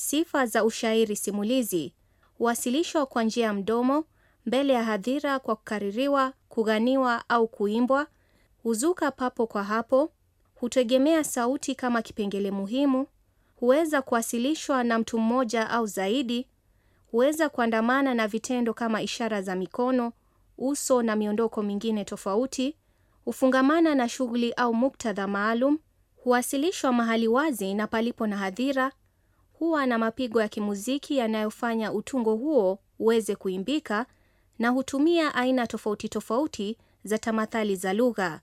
Sifa za ushairi simulizi huwasilishwa kwa njia ya mdomo, mbele ya hadhira kwa kukaririwa, kughaniwa au kuimbwa, huzuka papo kwa hapo, hutegemea sauti kama kipengele muhimu, huweza kuwasilishwa na mtu mmoja au zaidi, huweza kuandamana na vitendo kama ishara za mikono, uso na miondoko mingine tofauti, hufungamana na shughuli au muktadha maalum, huwasilishwa mahali wazi na palipo na hadhira huwa na mapigo ya kimuziki yanayofanya utungo huo uweze kuimbika na hutumia aina tofauti tofauti za tamathali za lugha.